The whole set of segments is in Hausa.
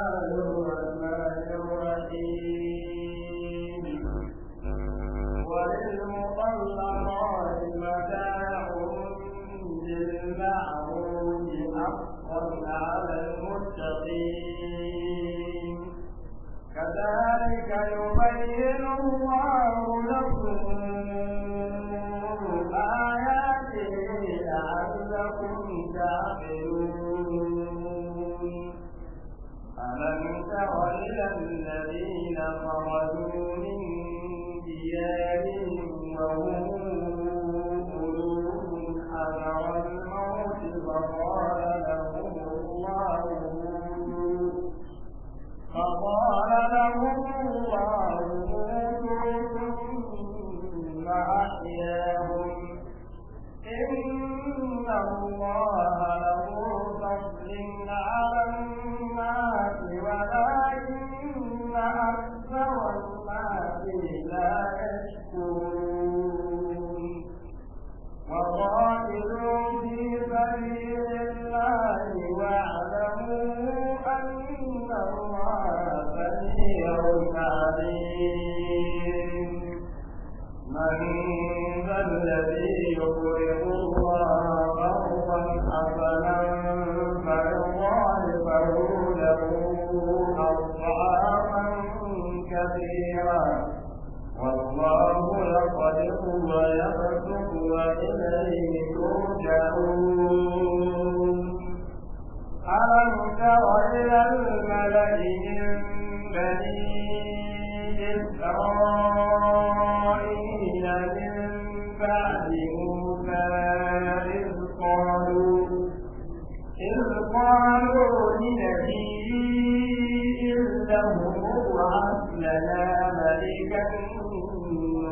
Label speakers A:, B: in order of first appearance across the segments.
A: الرحمن الرحيم لنا ملكا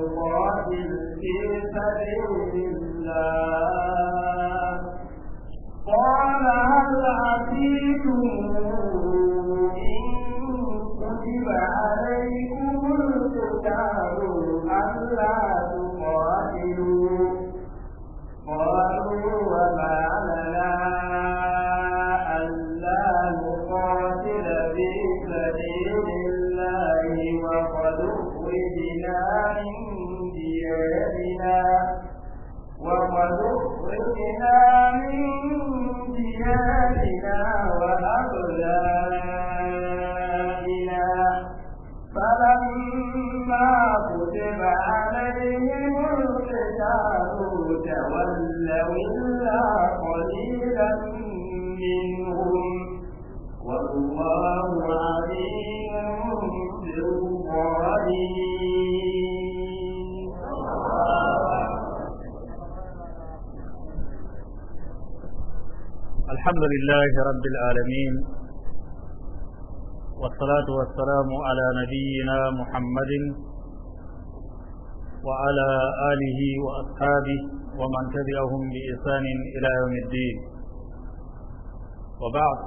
A: نقاتل في سبيل الله قال هل عزيتم
B: الحمد لله رب العالمين والصلاة والسلام على نبينا محمد وعلى آله وأصحابه ومن تبعهم بإحسان إلى يوم الدين وبعد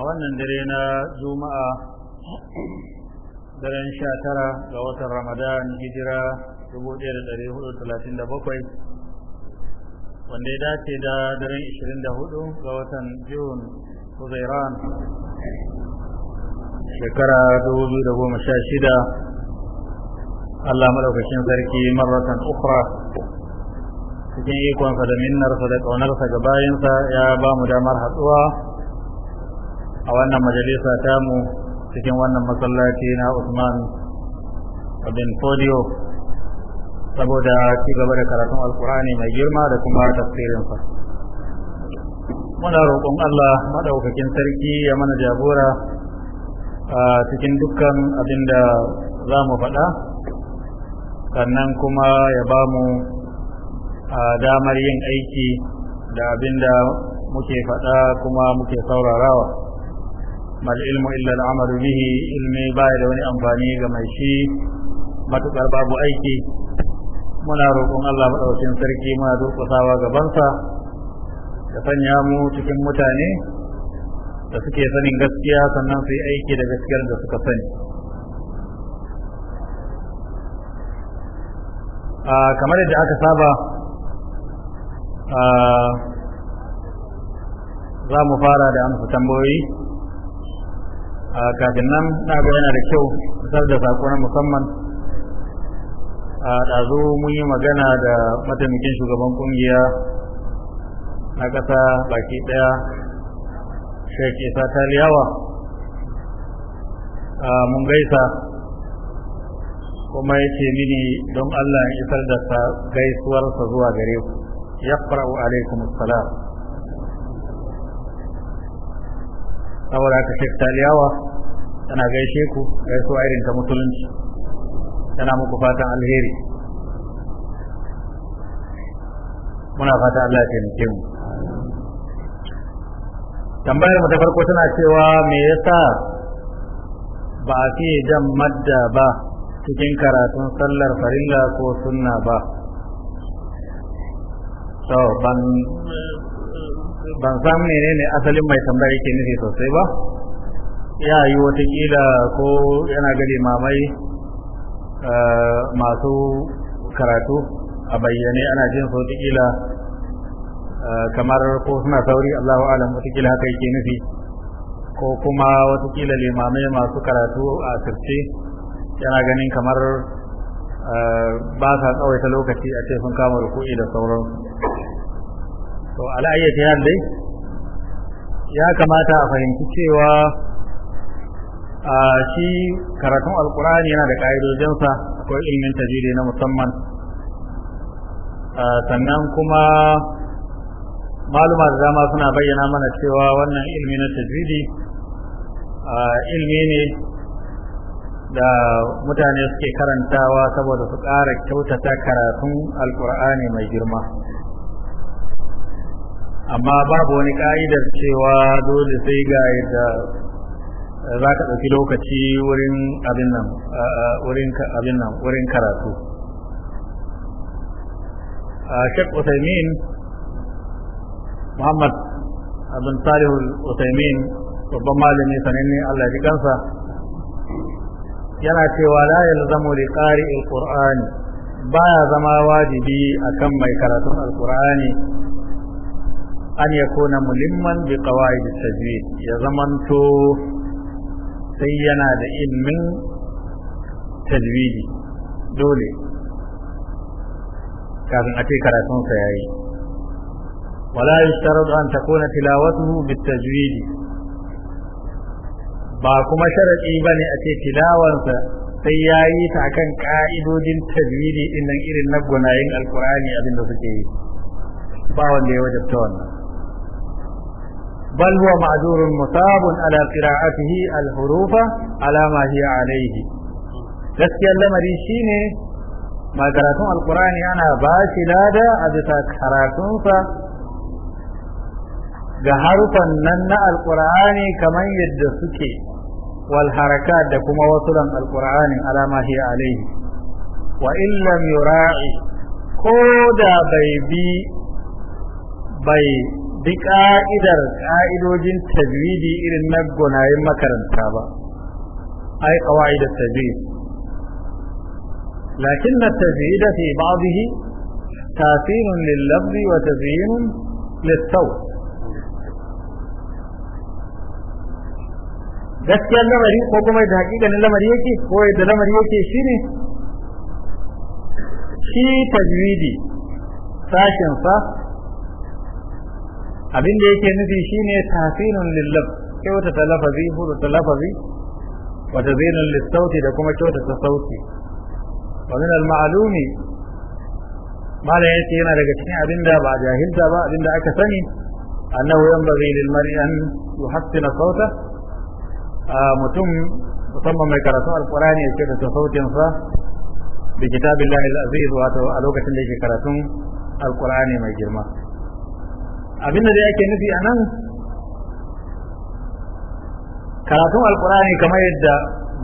B: أولا درينا جمعة درين شاترة لوتر رمضان هجرة 1437 wanda ya dace da daren 24 ga watan June Huzairan shekara 2016 Allah maɗaukacin sarki marratan ukra cikin ikonsa da minnarsa da ƙaunarsa ga bayansa ya ba mu damar hatsuwa a wannan majalisa tamu cikin wannan masallaci na Usman bin podio saboda ci gaba da karatun alkurani mai girma da kuma tafsirinsa muna roƙon Allah madaukakin sarki ya mana jagora a cikin dukkan abin da za mu faɗa sannan kuma ya ba mu damar yin aiki da abin da muke faɗa kuma muke saurarawa mal ilmu illa al'amalu bihi ilmi baya da wani amfani ga mai shi matukar babu aiki muna roƙon Allah maɗaukin sarki muna sa'wa gabansa da sanya mu cikin mutane da suke sanin gaskiya sannan su yi aiki da gaskiyar da suka sani kamar yadda aka saba za mu fara da amsa tambayoyi kafin nan na ga yana da kyau isar da sako na musamman a ɗazo mun yi magana da mataimakin shugaban ƙungiya na ƙasa baki ɗaya sheik isa taliyawa mun gaisa kuma ya ce mini don allah ya isar da gaisuwarsa zuwa gare ku ya fara'u alaikum salam saboda ka sheik taliyawa tana gaishe ku gaisuwa irin ta musulunci tana muku fatan alheri muna fata Allah ya taimake mu tambayar mu ta farko tana cewa me yasa ba a fiye jan madda ba cikin karatun sallar faringa ko sunna ba so ban ban san menene asalin mai tambayar yake nufi sosai ba ya yi watakila ko yana ga limamai Eh, masu karatu a bayyane ana jin su wataƙila eh, kamar ko suna sauri Allahu alam wataƙila haka yake nufi ko kuma wataƙila limamai masu karatu a sirce yana ganin kamar eh, ba sa tsawaita lokaci a ce sun kama ruku'i da sauran to ala'ayyar yan ya kamata a fahimci cewa a shi karatun alkur'ani yana da ƙa'idojinsa akwai ilmin tajiri na musamman sannan kuma maluma da dama suna bayyana mana cewa wannan ilmi na tajiri ilmi ne da mutane suke karantawa saboda su ƙara kyautata karatun alkur'ani mai girma amma babu wani ƙa'idar cewa dole sai ga yadda za ka ɗauki lokaci wurin abin nan wurin abin nan wurin karatu shek usaimin Muhammad abin Salihul usaimin babban malami sananne Allah ya kansa yana cewa la yalzamu li qari'il qur'ani baya zama wajibi akan mai karatun alƙur'ani an yakuna mulimman bi qawaid tajwid ya zamanto sai yana da ilmin tajwidi dole kafin a ce karatunsa ya yi wala yushtaradu an takuna tilawatuhu bitajwidi ba kuma sharadi bane a ce tilawarsa sai ya yi ta akan ka'idodin tajwidi din nan irin na gunayen alkurani abinda suke yi ba wanda ya wajabta wannan بل هو معذور مصاب على قراءته الحروف على ما هي عليه gaskiyar lamari shine ma karatun alkurani ana ba shi lada a bisa karatunsa ga harufan nan na alkur'ani kamar yadda suke wal harakat da kuma wasulan alkur'ani alama hiya alaihi wa illam yura'i ko da bai bi bai bi ka'idar ka'idojin tajwidi irin na gonayen makaranta ba ai qawaid at-tajwid lakin at-tajwid fi ba'dihi تاثير لللفظ وتزيين للصوت gaskiyar lamari ko kuma da hakikanin lamari yake ko da lamari yake shi ne shi tajwidi sashen sa abin da yake nufi shine tahsinun lillab kyauta ta lafazi huru ta wata wa tazinun lissauti da kuma kyauta ta sauti wa min al-ma'lumi mala yace yana daga cikin abin da ba jahilta ba abin da aka sani annahu yanbaghi lil mar'i an yuhassina sauta mutum musamman mai karatu alqur'ani ya kyauta ta sautin sa bi kitabillahi al-aziz wato a lokacin da yake karatun al alqur'ani mai girma
C: abin da yake nufi a nan
B: karatun alkurani kamar yadda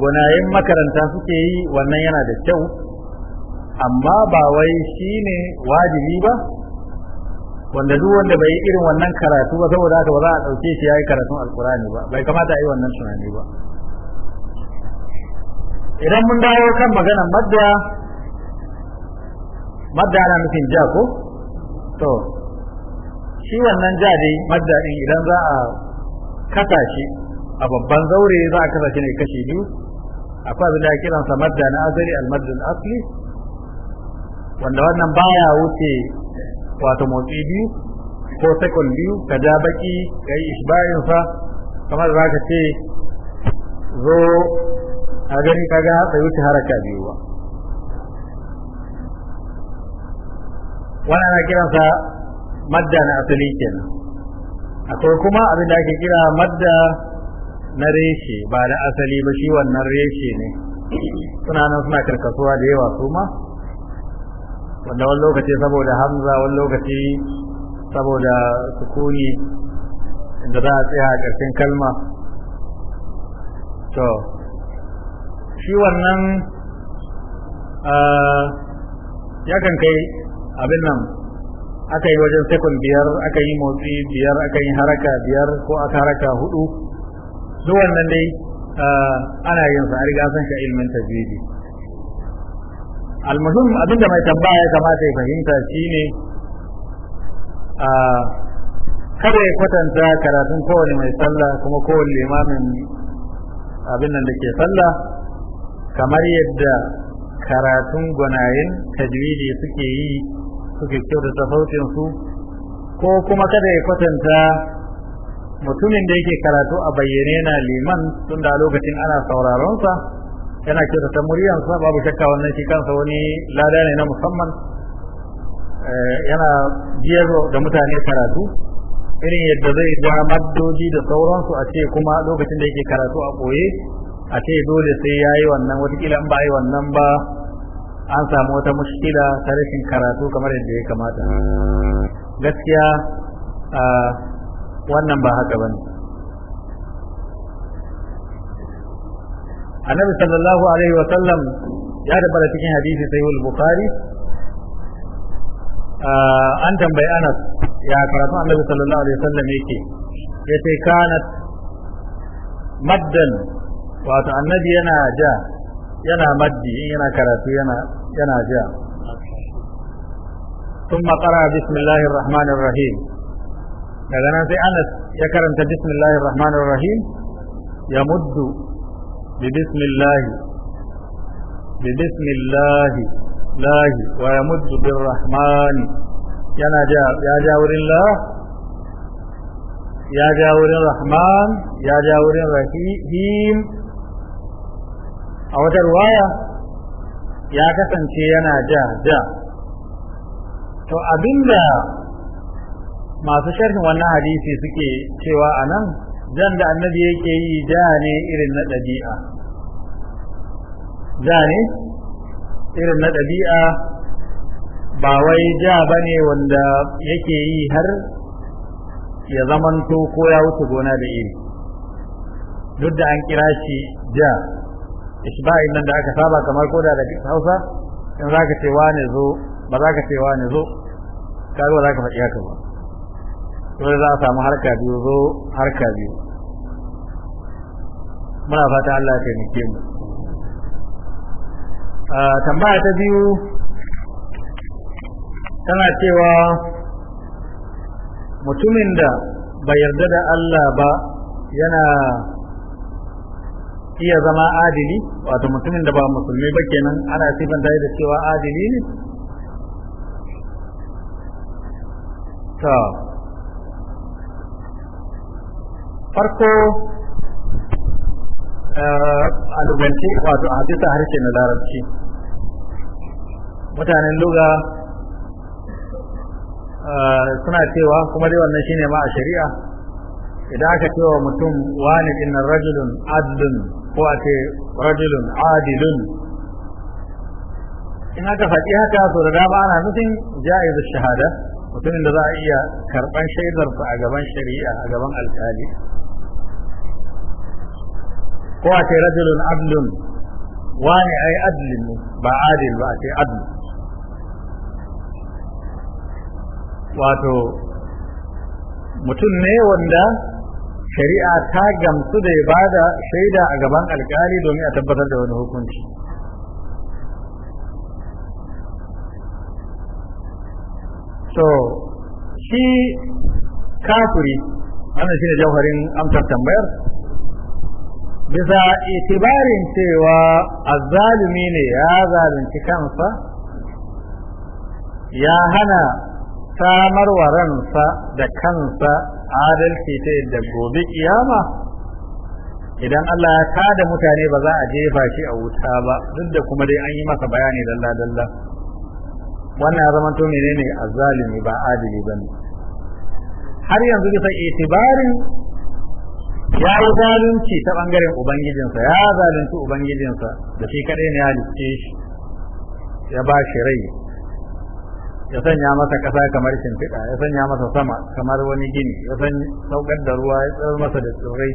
B: gonayen makaranta suke yi wannan yana da kyau amma ba wai shi ne wajibi ba wanda duk wanda bai yi irin wannan karatu ba saboda haka ba za a ɗauke shi ya yi karatun alkurani ba bai kamata a yi wannan tunani ba idan mun dawo kan magana madda madda ana nufin ja ko to shi wannan ja dai madda din idan za a kasa shi a babban zaure za a kasa shi ne kashi biyu akwai abin da ya kiran sa madda na azali al madda al asli wanda wannan baya wuce wato motsi biyu ko sekon biyu ka ja baki ka yi ishbayin sa kamar za ka ce zo a gani kaga bai wuce haraka biyu ba wannan ana kiransa madda na asali kenan akwai kuma abin da ake kira madda na reshe ba da asali ba shi wannan reshe ne suna nan suna karkasuwa da yawa su ma wanda wani lokaci saboda hamza wani lokaci saboda sukuni inda za a tsaya a ƙarshen kalma to shi wannan ah, yakan kai abin nan aka yi wajen sekon biyar aka yi motsi biyar aka yi haraka biyar ko aka haraka hudu duk wannan dai ana yin sa a riga san shi ilmin tajwidi almuhim abinda mai tambaya ya kamata ya fahimta shine kada ya kwatanta karatun kowane mai sallah kuma kowane limamin abin nan da ke sallah kamar yadda karatun gwanayen tajwidi suke yi suke da tafautin su ko kuma kada ya kwatanta mutumin da yake karatu a bayyane na liman tun da lokacin ana sauraron sa yana kyautata sa babu shakka wannan shi kansa wani lada ne na musamman eh, yana biyar da mutane karatu irin yadda zai ja maddoji da sauransu a ce kuma lokacin da yake karatu a ɓoye a ce dole sai ya yi wannan watakila in ba yi wannan ba an samu wata mushkila ta rashin karatu kamar yadda ya kamata gaskiya wannan ba haka ba ne. annabi sallallahu alaihi wa sallam ya da tabbata cikin hadisi sai bukhari an tambayi anas ya karatu annabi sallallahu alaihi wa sallam yake yace kanat maddan wato annabi yana ja yana maddi in yana karatu yana yana ja ثم قرأ بسم الله الرحمن الرحيم هذا نفس أنس يكرمت بسم الله الرحمن الرحيم يمد ببسم الله ببسم الله الله ويمد بالرحمن ينا جا يا جاور الله يا جاور الرحمن يا جاور الرحيم a wata ruwaya ya kasance yana ja ja to abinda masu sharhin wannan hadisi suke cewa a nan jan da annabi yake yi ja ne irin na ɗabi'a ja ne irin na ɗabi'a ba wai ja ba ne wanda yake yi har ya zamanto ko ya wuce gona da iri duk da an kira shi ja isba'in nan da aka saba kamar koda da Hausa in zaka ce wane zo ba za ka ce wane zo ka zo za ka faɗi haka ba dole za a samu harka biyu zo harka biyu muna fata Allah ya taimake mu tambaya ta biyu tana cewa mutumin da bai yarda da Allah ba yana iya zama adili wato mutumin da ba musulmi ba kenan ana sifanta da cewa adili ne ta farko eh, a wato a hadisa harshe na larabci mutanen luga eh, suna cewa kuma dai wannan shine ma a shari'a idan aka cewa mutum wani innan rajulun adlun ko a ce rajulun adilun in aka faɗi haka so da dama ana nufin ja'iz shahada mutumin da za a iya karɓan shaidarsa a gaban shari'a a gaban alkali ko a ce rajulun adlun wani ai adlin ba adil ba a ce adl wato mutum ne wanda shari'a ta gamsu da ya bada shaida a gaban alkali domin a tabbatar da wani hukunci so shi kafiri wannan shine jawharin amsar tambayar bisa itibarin cewa azzalumi ne ya zalunci kansa ya hana samarwa ransa da kansa adalci ta yadda gobe kiyama idan Allah ya kada mutane ba za a jefa shi a wuta ba duk da kuma dai an yi masa bayani dalla dalla wannan ya zama to menene azzalimi ba adili bane har yanzu bisa itibarin ya yi zalunci ta bangaren ubangijinsa ya zalunci ubangijinsa da shi kadai ne ya halicce shi ya ba shi rai ya sanya masa ƙasa kamar shimfiɗa ya sanya masa sama kamar wani gini ya san saukar da ruwa ya tsar masa da tsirrai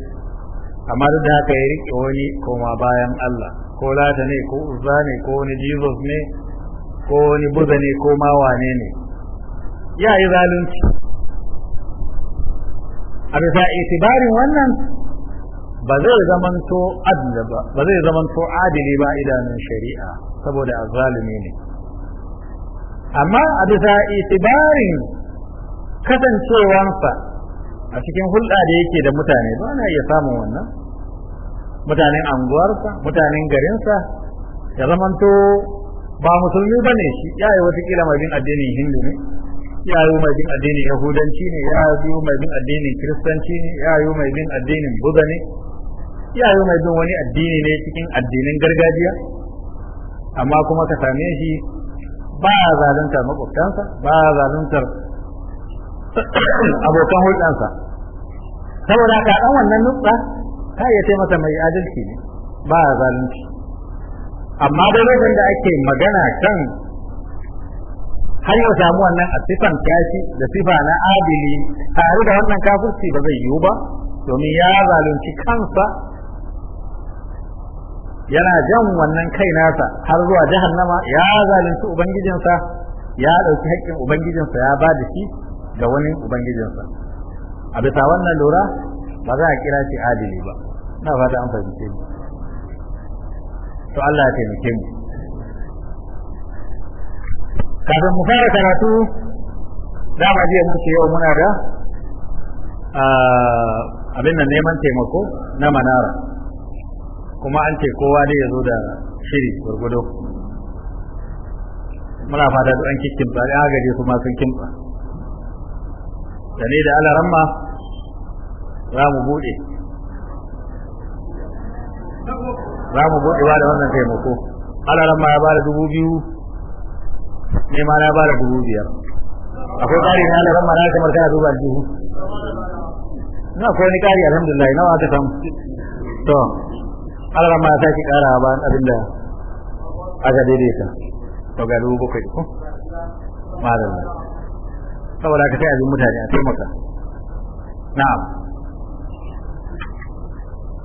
B: amma duk da haka ya riƙe wani koma bayan Allah ko lata ne ko uzza ne ko wani jesus ne ko wani buza ne ko ma wane ne ya yi zalunci a bisa itibarin wannan ba zai zamanto adli ba ba zai zamanto adili ba idanun shari'a saboda azzalumi ne amma a bisa itibarin kasancewansa a cikin hulɗa da yake da mutane ba na iya samun wannan mutanen anguwarsa mutanen garinsa ya zamanto ba musulmi ba ne shi ya yi watakila mai bin addinin hindu ne ya yi mai bin addinin yahudanci ne ya yi mai bin addinin kiristanci ne ya yi mai bin addinin buda ne ya yi mai bin wani addini ne cikin addinin gargajiya amma kuma ka same shi ba a zaluntar makwabtansa ba a zaluntar abokan hulɗansa
C: saboda ka ɗan wannan nutsa ta iya
B: taimaka mai adalci ne ba a zalunci amma da lokacin da ake magana kan har ya samu wannan a sifan tashi da sifa na adili tare da wannan kafirci ba zai yiwu ba domin ya zalunci kansa yana jan wannan kai nasa har zuwa jahannama ya zalunci ubangijinsa ya ɗauki hakkin ubangijinsa ya ba da shi ga wani ubangijinsa a bisa wannan lura ba za a kira shi adili ba na fata an fahimce ni to Allah ya taimake mu kafin mu fara karatu za mu ajiye muke yau muna da ah, abin nan neman taimako na manara kuma an ce kowa dai ya zo da shiri gurgudo muna fata da an ba ya gaje kuma sun kimba da ne da alaramma za mu buɗe za mu ba da wannan taimako alaramma ya bada dubu biyu ne ma ya bada dubu biyar
C: akwai ƙari na alaramma na kamar
B: kana duba biyu. na akwai wani ƙari alhamdulillah nawa aka samu to Allah ma sai ki kara ba abin da aka daidaita to ga dubu bakwai ko madalla saboda ka sai abin mutane a taimaka na'am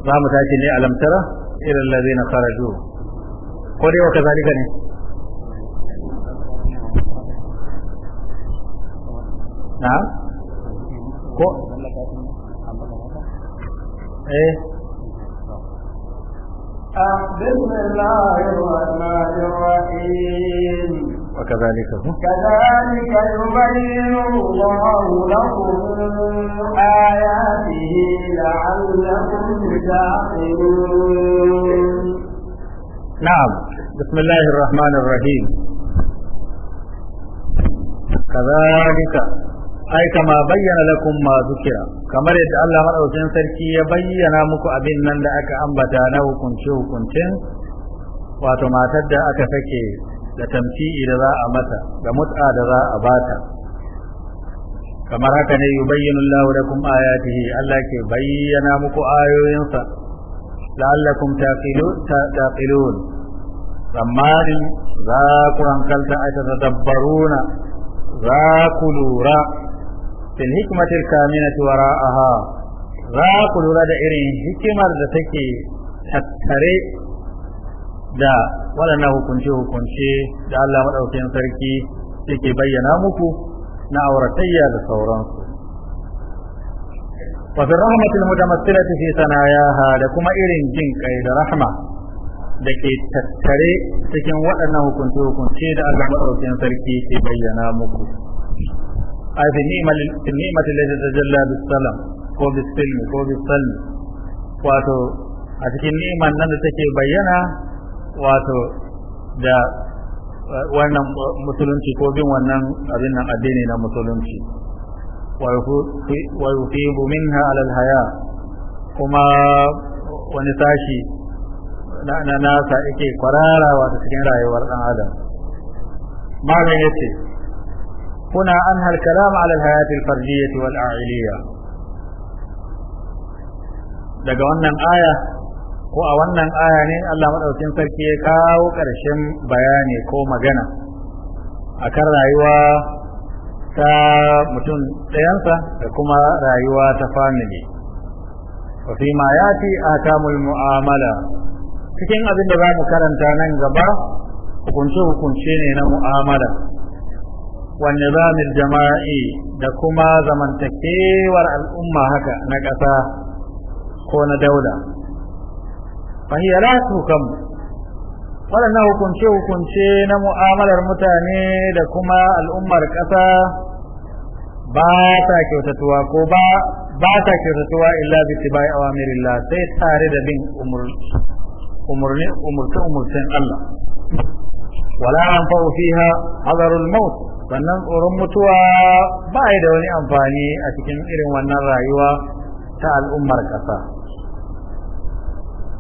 B: za mu tashi ne alam tara ila allazina kharaju ko dai wata zalika ne na'am ko eh
A: بسم الله الرحمن الرحيم
B: وكذلك
C: هو
A: كذلك يبين الله لكم آياته لعلكم
B: تعقلون
C: نعم بسم الله الرحمن
B: الرحيم كذلك ai kama bayyana lakum ma zukira kamar yadda Allah madaukakin sarki ya bayyana muku abin nan da aka ambata na hukunce hukuncin wato matar da aka sake da tamti'i da za a mata da mut'a da za a bata kamar haka ne yubayyinu Allah lakum ayatihi Allah ke bayyana muku ayoyinsa la'allakum taqilun taqilun tsammani za ku hankalta a tadabbaruna za ku lura fil hikmati al-kamilati wara'aha za ku lura da irin hikimar da take tattare da waɗannan hukunce-hukunce da Allah maɗaukin sarki yake bayyana muku na auratayya da sauransu. Wafin rahmatul mutamassilat fi sanayaha da kuma irin jin kai da rahma da ke tattare cikin waɗannan hukunce-hukunce da Allah maɗaukin sarki yake bayyana muku. ai fi ni'mat allati tajalla bis salam ko bis ko bis wato a cikin ni'man nan da take bayyana wato da wannan musulunci ko bin wannan abin nan addini na musulunci wa yufibu minha alal haya kuma wani sashi na nasa yake kwarara wata cikin rayuwar dan adam malam yace هنا أنهى الكلام على الحياة الفردية والأعلية daga wannan aya ko a wannan aya ne Allah madaukin sarki ya kawo ƙarshen bayani ko magana akan rayuwa ta mutum ɗayansa da kuma rayuwa ta family wa fi ma yati akamul mu'amala cikin abin da za mu karanta nan gaba hukunce hukunce ne na mu'amala wa nizamil da kuma zamantakewar al'umma haka na ƙasa ko na daula fahiyya la tukam waɗannan hukunce-hukunce na mu'amalar mutane da kuma al'ummar ƙasa ba ta kyautatuwa ko ba ba ta kyautatuwa illa bi tibai awamirillah sai tare da bin umurni umurce Allah wala an fa'u fiha hadarul maut sannan tsoron mutuwa ba da wani amfani a cikin irin wannan rayuwa ta al'ummar ƙasa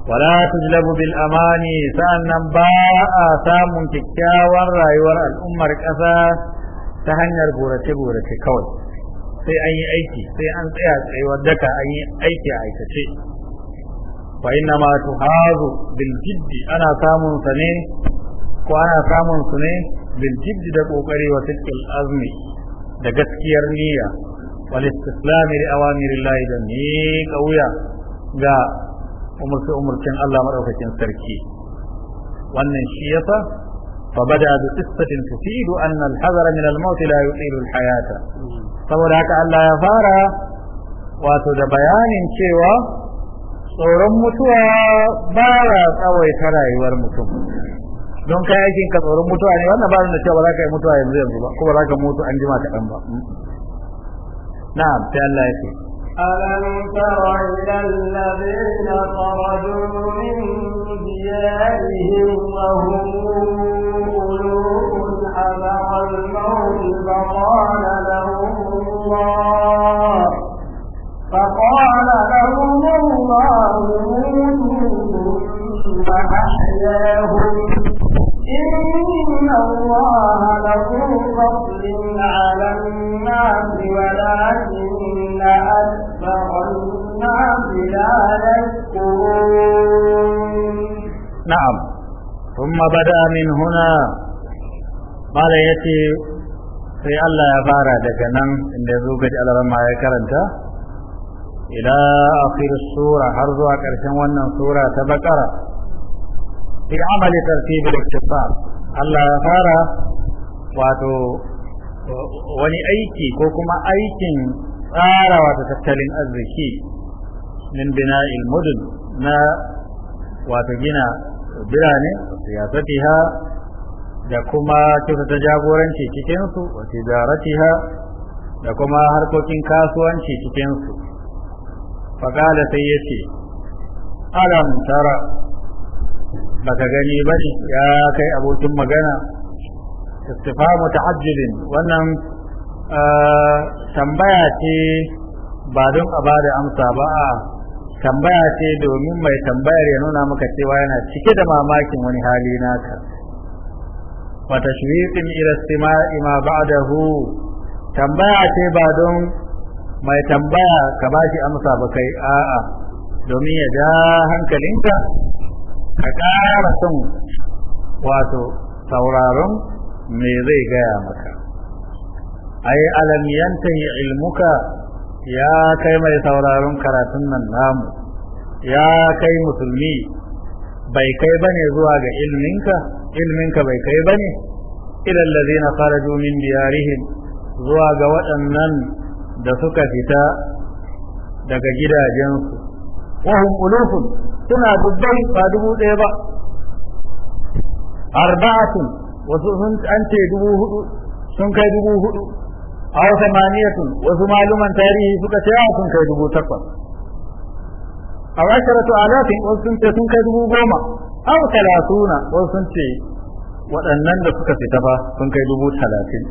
B: wala tujlabu bil amani sa'annan ba a samun kyakkyawar rayuwar al'ummar ƙasa ta hanyar gorace-gorace kawai sai an yi aiki sai an tsaya tsayuwar daka an yi aiki a aikace fa inna ma tuhazu bil jiddi ana samun sa ne ko ana samun su ne bil jiddi da ƙoƙari wa tilkil azumi da gaskiyar niyya wal istislam li awamirillah da ni kauya ga umurce umurcin Allah madaukakin sarki wannan shi yasa فبدأ بقصة تفيد أن الحذر من الموت لا يطيل الحياة saboda haka Allah ya fara wato da bayanin cewa tsoron mutuwa ba ya tsawaita rayuwar mutum don kai aikin ka tsoron mutuwa ne wannan ba da cewa za ka yi mutuwa yanzu yanzu ba kuma za ka mutu an jima kaɗan ba na'am sai Allah ya ce
A: ألم تر إلى الذين خرجوا من ديارهم وهم ألوف حذر الموت فقال لهم الله فقال لهم الله موتوا وأحياهم إن الله له فضل على الناس ولكن لا
B: يتي sai Allah ya fara daga nan inda zo gaji alarama ya karanta ila akhir sura har zuwa ƙarshen wannan sura ta bakara fi amali tartibi al Allah ya fara wato wani aiki ko kuma aikin tsara wato tattalin arziki min bina'il mudun na wato gina birane siyasatiha da kuma ta jagoranci cikinsu wa tijaratiha da kuma harkokin kasuwanci cikinsu faƙala sai ya ce alam tara baka gani ba ne ya kai abokin magana istifa ta'ajjilin wannan ah, tambaya ce ba don a bada amsa ba a tambaya ce domin mai tambayar ya nuna maka cewa yana cike da mamakin wani hali naka wa tashwiqin ila istima'i ma ba'dahu tambaya ce ba don mai tambaya ka bashi amsa ba kai a'a domin ya ja hankalinka ka ƙara son wato sauraron me zai gaya maka ai alam yantahi ilmuka ya kai mai sauraron karatun nan namu ya kai musulmi bai kai bane zuwa ga ilminka ilminka bai kai bane ila allazina kharaju min diyarihim zuwa ga waɗannan da suka fita daga gidajensu
C: wahum ulufun
B: suna dubbai ba dubu ɗaya ba arba'atun wasu sun an ce dubu hudu sun kai dubu hudu aw samaniyatun wasu maluman tarihi suka ce ah, sun kai dubu takwas aw asharatu alafin wasu sun ce sun kai dubu goma aw talatuna wasu sun ce waɗannan da suka fita ba sun kai dubu talatin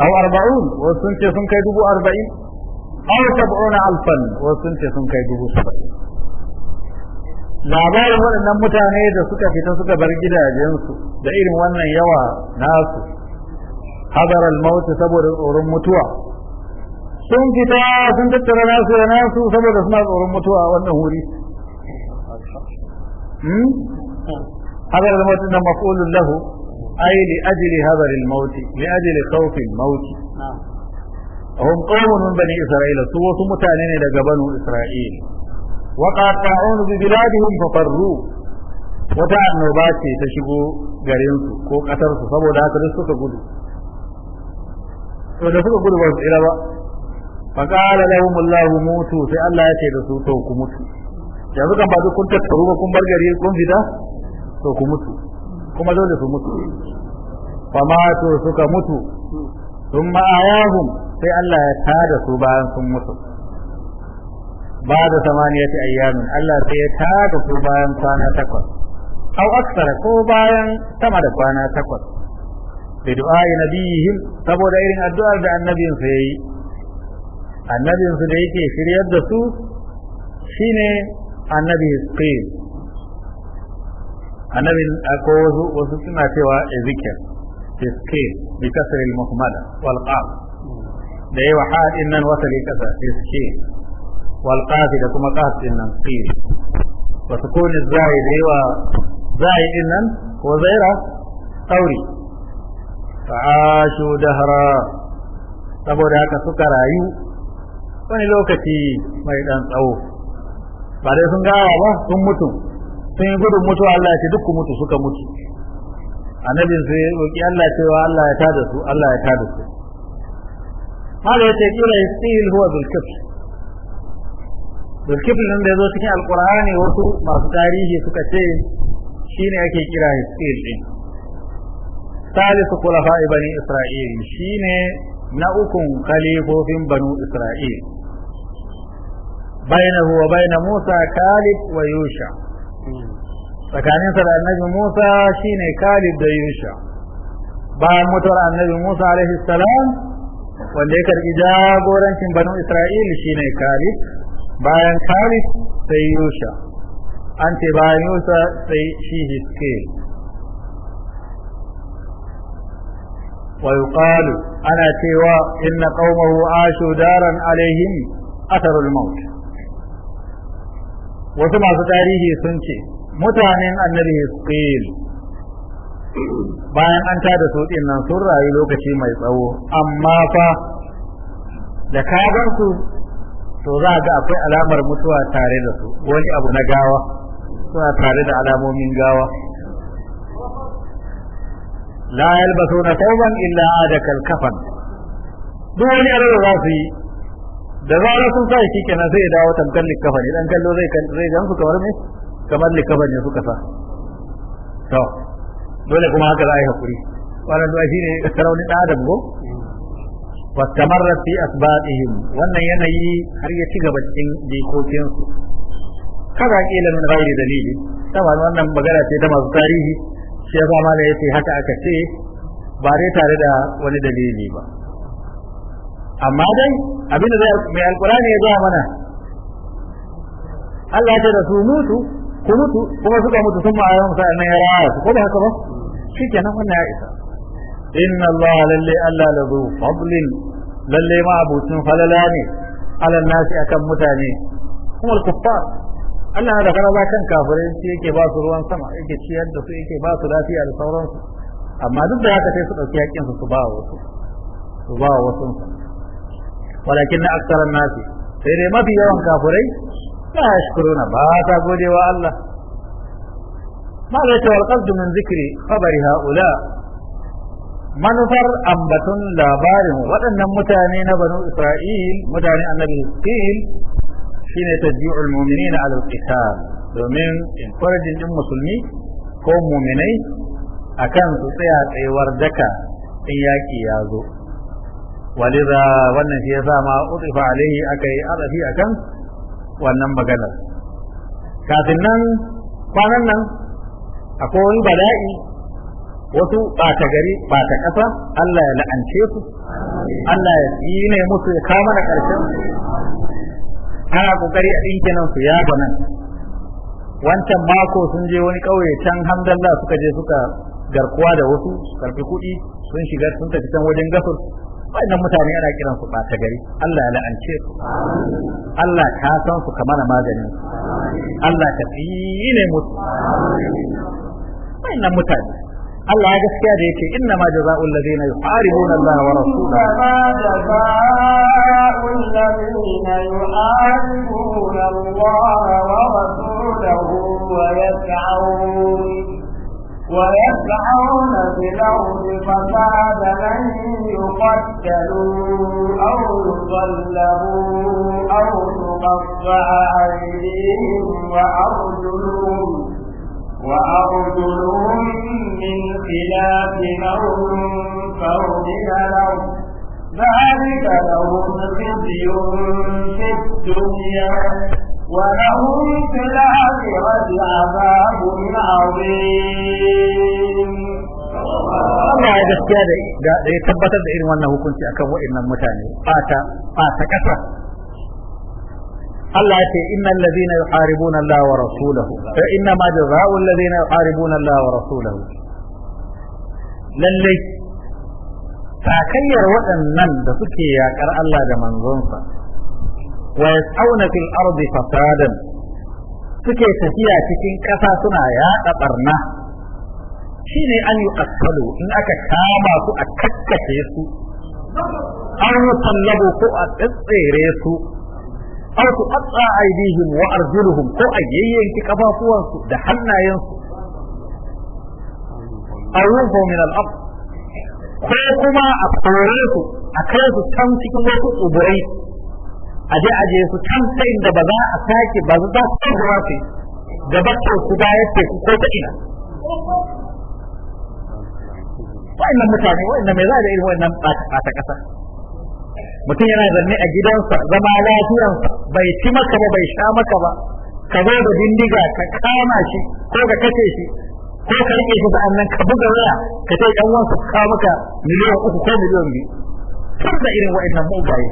B: aw arba'un wasu sun ce sun kai dubu arba'in aw sab'una alfan wasu sun ce sun kai dubu saba'in labarin waɗannan mutane da suka fita suka bar gidajensu da irin wannan yawa nasu hadar al saboda tsoron mutuwa sun fita sun tattara nasu da nasu saboda suna tsoron mutuwa a wannan wuri hmm? hadar al-maut na maqulun lahu ay li ajli hadar al-maut li ajli khawf al hum qawmun bani isra'ila su wasu mutane ne daga banu isra'ila وقاطعون ببلادهم ففروا wata annoba ta shigo garinsu ko ƙasarsu saboda haka duk suka gudu to da suka gudu ba su tsira ba fa qala lahum Allahu mutu sai Allah ya ce da su to mutu yanzu kan ba duk kun tattaru kun bar gari kun fita to mutu kuma dole su mutu fa matu suka mutu sai Allah ya tada su bayan sun mutu ba da samaniyati ayyamin Allah sai ya tada ku bayan kwana takwas au aksara ko bayan sama da kwana takwas bi yi nabiyihim saboda irin addu'ar da annabin sa yayi annabin su da yake shiryar da su shine annabi Isqil Annabin ko wasu suna cewa Ezekiel Isqil bi kasr muhammad muhmala wal qaf da yawa hadin nan wata bi kasr Walƙafi da kuma qaf nan qil wasu kone zai da yawa zai din nan ko zaira tsauri. tauri ta'ashu dahra saboda haka suka rayu wani lokaci mai ɗan tsawo ba dai sun gawa ba sun mutu sun yi gudun mutu Allah ya ce duk mutu suka mutu annabin sai roki Allah cewa Allah ya tada su Allah ya tada su hal yace kira istil huwa bil kifl zulkifl nan da ya zo cikin alkur'ani wasu masu tarihi suka ce shi ne ake kira hisqil din salisu khulafa'i bani isra'il shi ne na ukun khalifofin banu isra'il Baina wa baina musa kalib wa yusha tsakanin sa da annabi musa shine kalib da yusha bayan mutuwar annabi musa alaihi salam wanda ya karbi jagorancin banu isra'il shine kalib bayan Khalid sai Yusha an ce bayan Yusha sai shi Hiskil wa yuqalu ana cewa inna qaumahu ashu daran alaihim atharul maut wasu masu tarihi sun ce mutanen annabi Hiskil bayan an tada su ɗinnan, sun rayu lokaci mai tsawo amma fa da kagansu to za ga akwai alamar mutuwa tare da su wani abu na gawa suna tare da alamomin gawa la yalbasuna thawban illa adaka kafan duk wani abu da za su yi da zara sun sa shi kenan zai dawo tamkar kafan. Idan kallo zai zai gan su kamar me kamar ne suka sa to dole kuma haka za a yi hakuri wannan duwa shine raunin da adam go wastamarra fi asbatihim wannan yanayi har ya ci gaba cikin jikokin su a kila min ghairi dalili saboda wannan magana ce ta masu tarihi shi yasa ya yace haka aka ce ba dai tare da wani dalili ba amma dai abinda zai mai alkurani ya zuwa mana Allah ya ce da su mutu kuma suka mutu sun ma'ayyar musa nan ya rawa ko da haka ba shi kenan wannan ya isa إن الله للي ألا لذو فضل للي ما أبو فللاني على الناس أكم متاني هم الكفار ألا هذا كان الله كان كافر يكي باس روان سمع يكي شيئا دسو يكي باس راتي على صوران أما ضد هذا كيف تأتي أكين ولكن أكثر الناس فإذا ما في يوم كافرين لا يشكرون باتا قولي والله ما ليس القصد من ذكر خبر هؤلاء manufar ambatun labarin waɗannan mutane na banu isra'il mutane annabi isra'il shine tajmi'ul mu'minina ala al-qital domin encouraging din musulmi ko mu'minai akan su tsaya tsayuwar daka in yaki ya zo walidha wannan shi ya sa ma utifa alaihi akai arafi akan wannan maganar kafin nan kwanan nan akwai wani bala'i wasu ɓata gari ɓata ƙasa Allah ya la'ance su Allah ya yi ne musu ya kama da ƙarshen ana ƙoƙari a ɗinke nan su ya nan wancan mako sun je wani ƙauye can hamdallah suka je suka garkuwa da wasu karfi kuɗi sun shiga sun tafi can wajen gafur wannan mutane ana kiran su ɓata gari Allah ya la'ance su Allah ka san su kamar magani. Allah ka tsine musu wannan mutane Allah ya gaskiya da yake inna ma jazaa'ul ladina yuharibuna
A: Allaha wa ويسعون في الأرض فساد من يقتلوا أو يصلبوا أو تقطع أيديهم وأرجلهم وأرجلهم من خلاف أو تنفر من الأرض ذلك لهم خزي في الدنيا ولهم في الآخرة عذاب عظيم Allah ya
B: gaskiya da ya tabbatar da irin wannan hukunci akan wa'annan mutane fata fata kasa Allah ya ce innal ladhina yuharibuna Allah wa rasulahu fa inna ma jazaa'u alladhina yuharibuna Allah wa rasulahu lallai takayyar waɗannan da suke yaƙar Allah da manzonsa wa yas'auna fil ardi fasadan suke tafiya cikin ƙasa suna yaɗa barna shine an yuqattalu in aka kama su a kakkace su an yusallabu ko a tsitsire su aw tuqatta aydihim wa arjuluhum ko a yayyanki kafafuwansu da hannayensu aw yunfu min al-ard ko kuma a kore su a kai su can cikin wasu tsibirai
C: a je a je su can sai da ba za a sake ba za su san ruwa su da ke su baya ce ku ko ta ina wa'annan mutane wa'annan mai za a da irin wa'annan ba ta kasa mutum yana zanne a gidansa
B: zama lafiyansa bai ci maka ba bai sha maka ba ka zo da bindiga ka kama shi ko ka kace shi ko ka rike shi sa'an nan ka buga waya ka ce dan uwansa ka maka miliyan uku ko miliyan biyu kar da irin wa'annan mugaye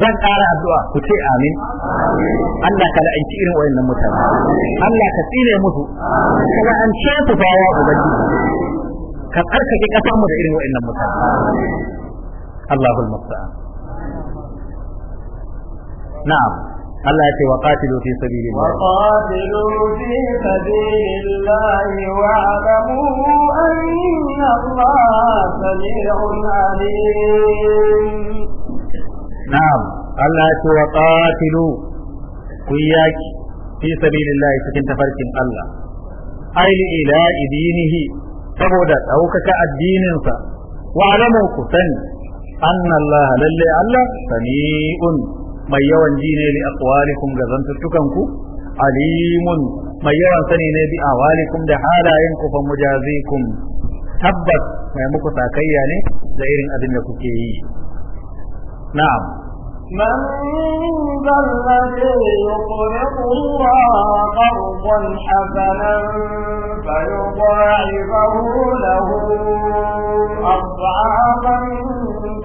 B: zan ƙara addu'a ku ce amin Allah ka la'anci irin wa'annan mutane Allah ka tsine musu ka la'ance su bawa ubangiji ka tsarkake kasar mu da irin wa'annan mutane Allahul musta'an na'am Allah ya ce wa qatilu fi sabilillah wa
A: qatilu fi sabilillah wa alamu anna Allah sami'un alim
C: na'am Allah ya ce wa qatilu ku yaki
B: fi sabilillah cikin tafarkin Allah ai li ila idinihi saboda daukaka addininsa wa alamu ku sani anna Allah lalle Allah sami'un mai yawan ji ne li aqwalikum ga zantuttukan ku alimun mai yawan sani ne bi awalikum da halayen ku fa mujazikum tabbas mai muku takayya ne da irin abin da kuke yi
C: na'am
A: من ذا الذي يقرض الله قرضا حسنا فيضاعفه له أضعافا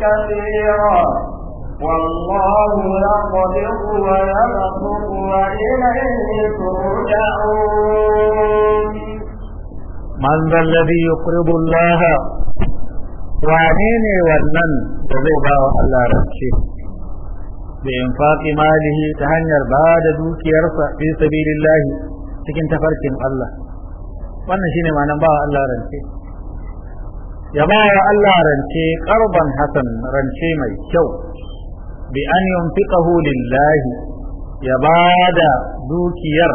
A: كثيرا والله يقبض ويبسط وإليه ترجعون
B: من ذا الذي يقرب الله وعنيني والمن وذوبا وألا رمشي بإنفاق ماله تهنر بعد دوك يرفع في سبيل الله cikin tafarkin Allah wannan shine ma'anar ba Allah rance ya ba wa Allah rance karban hasan rance mai kyau bi an yunfiqahu lillahi ya bada dukiyar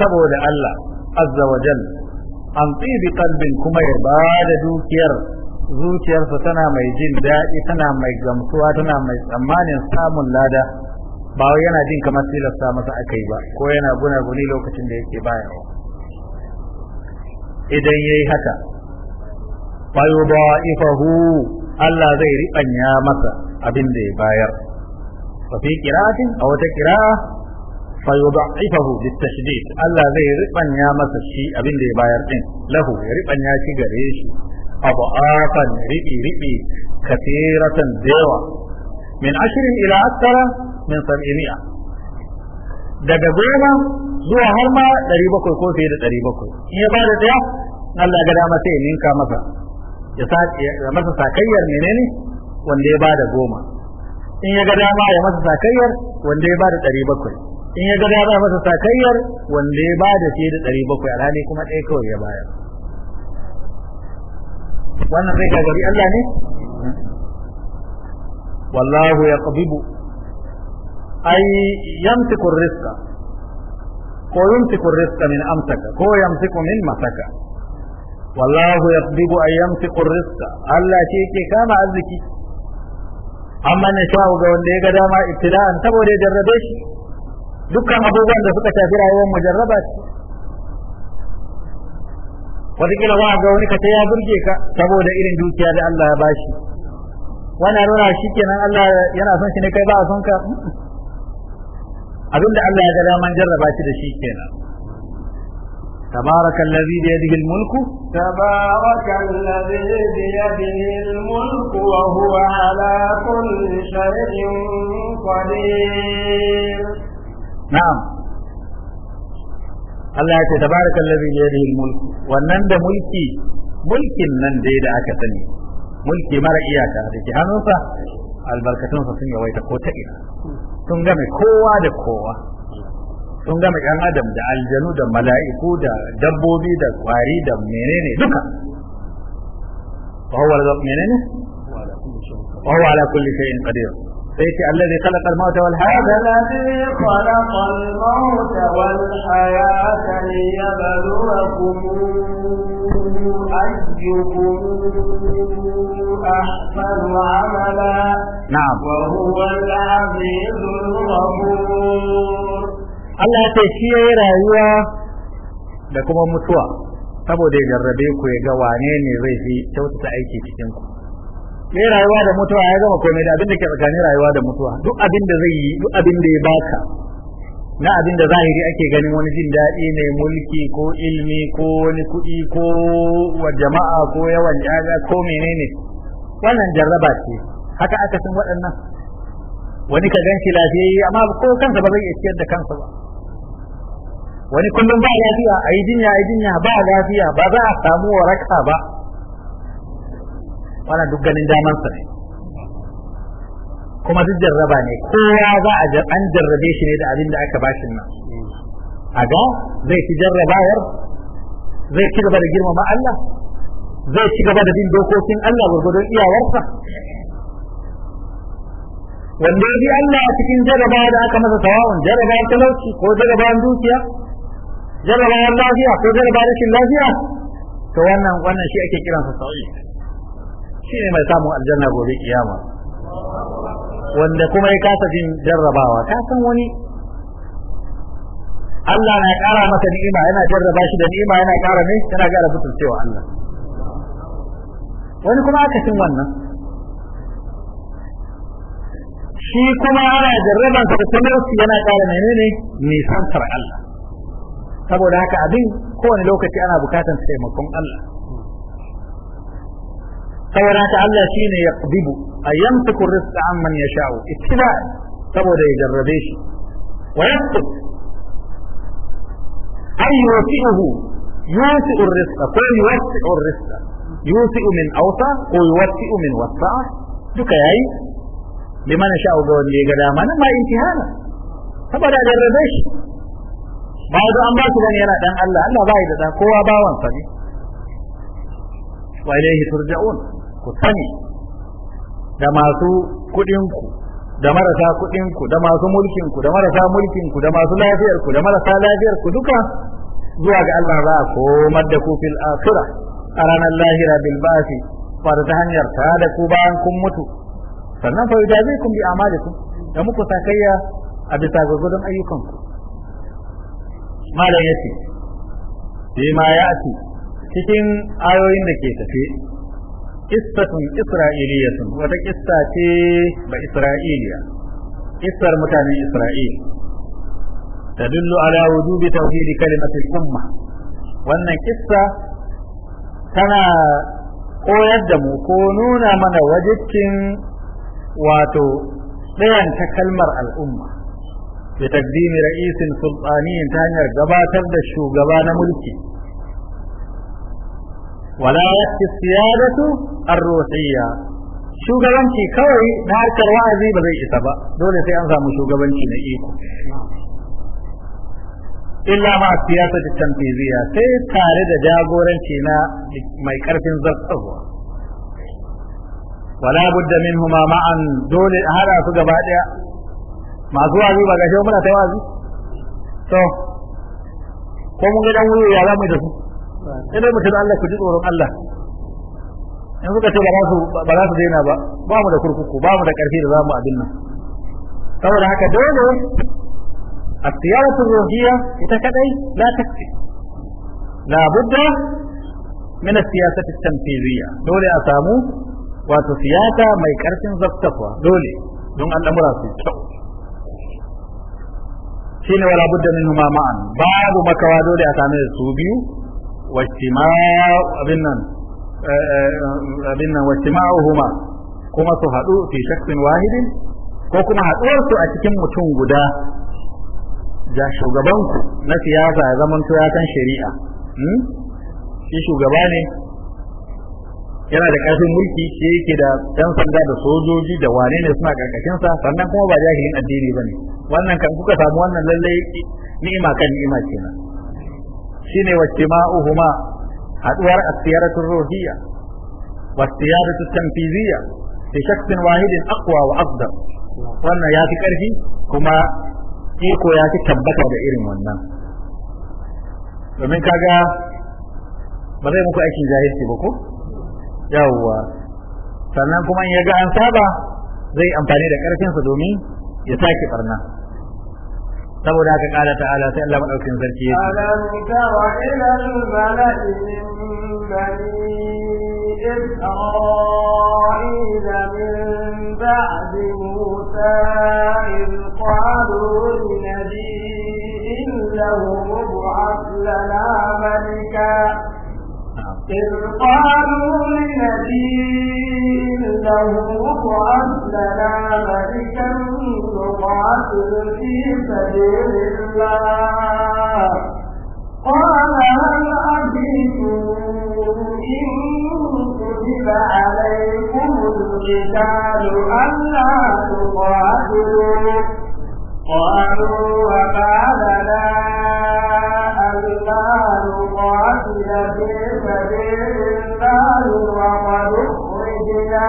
B: saboda Allah azza wa jal an tsibi kalbin kuma ya bada dukiyar zuciyarsa tana mai jin daɗi tana mai gamsuwa tana mai tsammanin samun lada ba yana jin kamar tilasta masa akai ba ko yana guna-guni lokacin da yake bayarwa idan yayi haka fayuba ifahu Allah zai riƙanya masa abin da ya bayar وفي قراءة أو تقراء فيضعفه بالتشديد ألا زي ya يا مسشي أبن دي بايرتين له ربن يا شجريش أضعافا ربي ربي كثيرة ديوة من عشر إلى أكثر من سبعمائة daga goma zuwa har ma ɗari bakwai ko fiye da ɗari bakwai in ya bada ɗaya Allah ga dama sai ya ninka masa ya masa sakayyar menene wanda ya bada goma in ya ga dama ya masa sakayyar wanda ya bada ɗari bakwai in ya ga dama ya masa sakayyar wanda ya bada fiye da ɗari bakwai A alhali kuma ɗaya kawai ya bayar wannan zai gagari Allah ne wallahu ya qabibu ay yamtiku rizqa ko yamtiku rizqa min amsaka ko yamtiku min masaka wallahu yaqbidu ay yamtiku rizqa Allah ce yake kama arziki amma na sha'u ga wanda ya ga dama ibtila'an saboda ya jarrabe shi dukkan abubuwan da suka shafi rayuwar mujarraba ce wataƙila ba ga wani ka ta ya burge ka saboda irin dukiya da Allah ya bashi wannan nuna shi kenan Allah yana son shi ne kai ba a son ka hmm. abinda Allah ya ga daman jarraba shi da shi kenan تبارك الذي بيده الملك تبارك
A: الذي بيده الملك وهو على كل شيء قدير
C: نعم
B: Allah ya ce tabaraka allazi bi yadihi mulk wannan da mulki mulkin nan dai da aka sani mulki mara iyaka da ke hannunsa sa sun yawaita ko ta ina sun game kowa da kowa sun gama yan adam da aljanu da mala'iku da dabbobi da kwari da menene duka وهو menene وهو على كل شيء قدير فيتي الذي خلق الموت والحياة
A: الذي خلق الموت والحياة ليبلوكم أيكم أحسن عملا نعم وهو العزيز الغفور
C: Allah ya ce shi
B: yi rayuwa da kuma mutuwa saboda ya jarrabe ku ya ga wane ne zai fi kyautata aiki cikin ku sai rayuwa da mutuwa ya gama komai da abin da ke tsakanin rayuwa da mutuwa duk abin da zai yi duk abin da ya baka na abin da zahiri ake ganin wani jin daɗi ne mulki ko ilmi ko wani kuɗi ko wa jama'a ko yawan jaga ko menene wannan jarraba ce haka aka san waɗannan wani ka ganshi lafiyayye amma ko kansa ba zai iya ciyar da kansa ba wani kullum ba lafiya a yi jinya a yi jinya ba lafiya ba za a samu waraka ba wannan duk ganin damansa ne kuma duk jarraba ne kowa za a an jarrabe shi ne da abin da aka bashin nan
C: a ga zai ci jarrabawar zai ci gaba da girmama Allah zai ci gaba da bin dokokin Allah gwargwadon iyawarsa
B: wanda ya bi Allah a cikin jarrabawa da aka masa tawawun jarrabawar talauci ko jarrabawar dukiya jarrabawar lafiya ko jarraba rashin lafiya to wannan wannan shi ake kiransa sa'i shi ne mai samun aljanna gobe kiyama wanda kuma ya kasa jin jarrabawa ka san wani Allah na ƙara masa ni'ima yana jarraba shi da ni'ima yana ƙara ne yana ƙara butulcewa Allah wani kuma aka cin wannan shi kuma ana jarrabansa da talauci yana ƙara menene nisantar Allah saboda haka abin kowane lokaci ana bukatan taimakon Allah kayar ta Allah shine ya qbibu ayyamtiku rizqa amman yasha'u
C: ittida saboda ya jarrabe shi wa yaqut ay yusihu yusihu rizqa ko yusihu rizqa yusihu min awsa ko yusihu min wasa duka yayi
B: liman sha'u ga wanda ya ga dama nan ma
C: intihana saboda jarrabe shi
B: ba da an ba su bane yana dan Allah Allah ba da da kowa bawan sa ne wa ilaihi turja'un ku sani da masu kudin ku da marasa kudin ku da masu mulkin ku da marasa mulkin ku da masu lafiyar ku da marasa lafiyar ku duka zuwa ga Allah za a komar da ku fil akhirah a ranar lahira bil basi fara ta hanyar ta da ku bayan kun mutu sannan fa yudabikum bi amalikum da muku sakayya a bisa gurgurdan ayyukanku malam ce sai ma ya ci cikin ayoyin da ke tafe qissatun isra'iliyatun wata qissa ce ba isra'iliya Kistar mutanen isra'il tadullu ala wujubi tauhid kalimatul umma wannan qissa tana koyar da mu ko nuna mana wajibcin wato ɗayan ta kalmar al'umma bi taqdimi ra'isin sultaniyin ta hanyar gabatar da shugaba na mulki wala yakfi siyadatu ar-ruhiyya shugabanci kawai na harkar wa'azi ba zai isa ba dole sai an samu shugabanci na illa ma siyasa ta tanfiziya sai tare da jagoranci na mai karfin zartarwa wala budda minhuma ma'an dole hada su gaba ɗaya? masu wazi ba gashi muna ta wazi to ko mun ga dan wuri ya zama da su idan mutum Allah ku ji tsoron Allah in suka ce ba za su ba za su daina ba ba mu da kurkuku ba mu da karfi da zamu abin nan
C: saboda haka dole a at-tiyaratu ruhiyya ita kadai la takfi la budda min as-siyasati
B: at-tanfiziyya dole a samu wato siyasa mai karfin zaftafa dole don Allah mura su shine wala budda min huma ma'an babu makawa dole a same su biyu wajtima abin nan eh, eh, abin nan wajtima'uhuma kuma su haɗu fi shakkin wahidin ko kuma haɗuwar su a cikin mutum guda ga shugaban na siyasa ya zamanto ya kan shari'a hmm? shi shugaba ne yana da karfin mulki shi yake da ɗan sanda da sojoji da wane ne suna karkashin sa sannan kuma ba jahilin addini ne, wannan kan kuka samu wannan lallai ni'ima kan ni'ima kenan shine uhuma, haduwar asiyaratu ruhiyya wasiyaratu tanfiziyya fi shakhsin wahidin aqwa wa afdal wannan ya fi karfi kuma iko ya fi tabbata da irin wannan domin kaga ba zai muku aikin jahilci ba ko yawwa sannan kuma in ya ga an saba zai yi amfani da ƙarfinsa domin ya sake barna saboda haka kala ta'ala sai Allah madaukakin sarki
C: ya ce alam
A: tara ila al-mala'i min bani isra'ila min ba'di musa in qalu linabiyyin lahu mub'ath lana malika إذ قالوا لنبي له مبعث لنا ملكا نقاتل في سبيل الله قال هل أبيكم إن كتب عليكم القتال ألا تقاتلوا قالوا وما لنا المال قاتل في سبيل الله وقد أخرجنا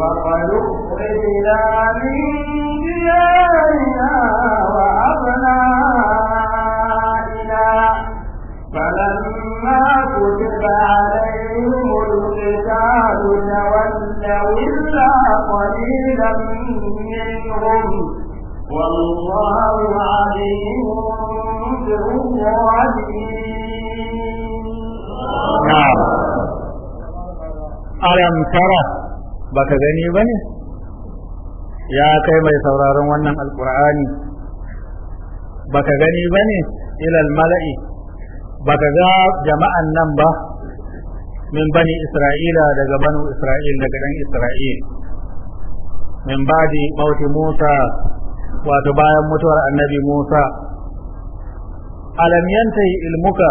A: وقد أخرجنا من ديارنا وأبنائنا فلما كتب عليهم القتال تولوا إلا قليلا منهم والله عليم مجرم
B: ba ka gani ba ne ya kai mai sauraron wannan alkur'ani ka gani ba ne ilal mala'i Ba ka ga jama'an nan ba min bani isra'ila daga banu isra'il daga dan isra'il min badi mauti musa wato bayan mutuwar annabi musa alam yantahi ilmuka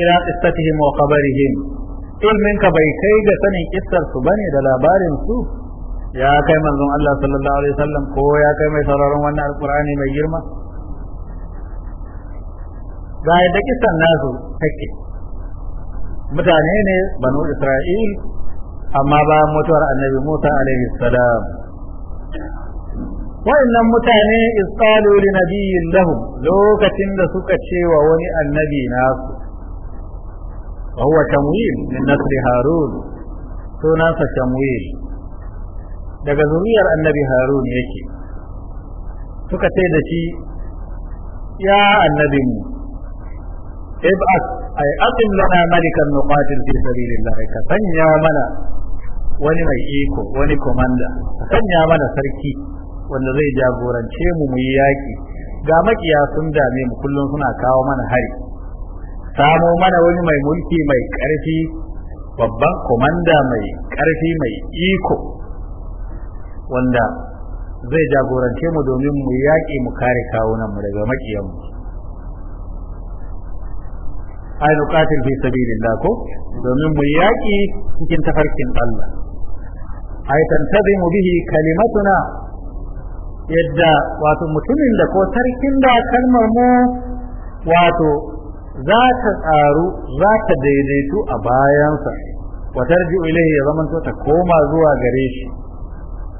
B: ila istatihim wa qabarihim ilminka bai kai ga sanin kissar su bane da labarin su ya kai manzon Allah sallallahu alaihi wasallam ko ya kai mai sauraron wannan alqur'ani mai girma ga yadda kissan nasu take mutane ne banu isra'il amma ba mutuwar annabi musa alaihi salam wa'annan mutane isqalu li nabiyyin lahum lokacin da suka ce wa wani annabi nasu wa huwa tamwil min nasr harun sunansa tamwil daga zuriyar annabi harun yake suka ce da shi ya annabi mu ib'at ay aqim lana malikan nuqatil fi sabilillah ka sanya mana wani mai iko wani komanda sanya mana sarki wanda zai jagorance mu mu yi yaƙi ga makiya sun dame mu kullum suna kawo mana hari samo mana wani mai mulki mai ƙarfi babban komanda mai ƙarfi mai iko wanda zai jagorance mu domin mu yaƙi mu kare kawo nan mu daga mu ai nuqatil fi sabilillah ko domin mu yaƙi cikin tafarkin Allah ai mu bihi kalimatuna yadda wato mutumin da ko sarkin da kalmar mu wato za ta tsaru za ta daidaitu a bayansa wa tarji'u ilayhi ya zamanto ta koma zuwa gare shi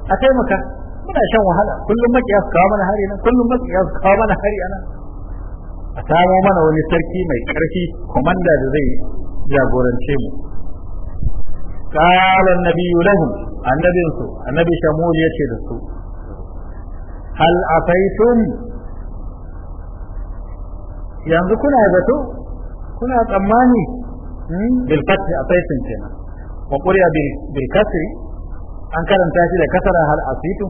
B: a taimaka muna shan wahala kullum makiyas kawo mana hari nan kullum makiyas kawo mana hari nan a samo mana wani sarki mai karfi komanda da zai jagorance mu qala an-nabiyyu lahum annabinsu annabi shamul yace da su hal asaitum yanzu kuna zato kuna tsammani bil fathi asaitum kenan wa quriya bil kasri an karanta shi da kasara hal asaitum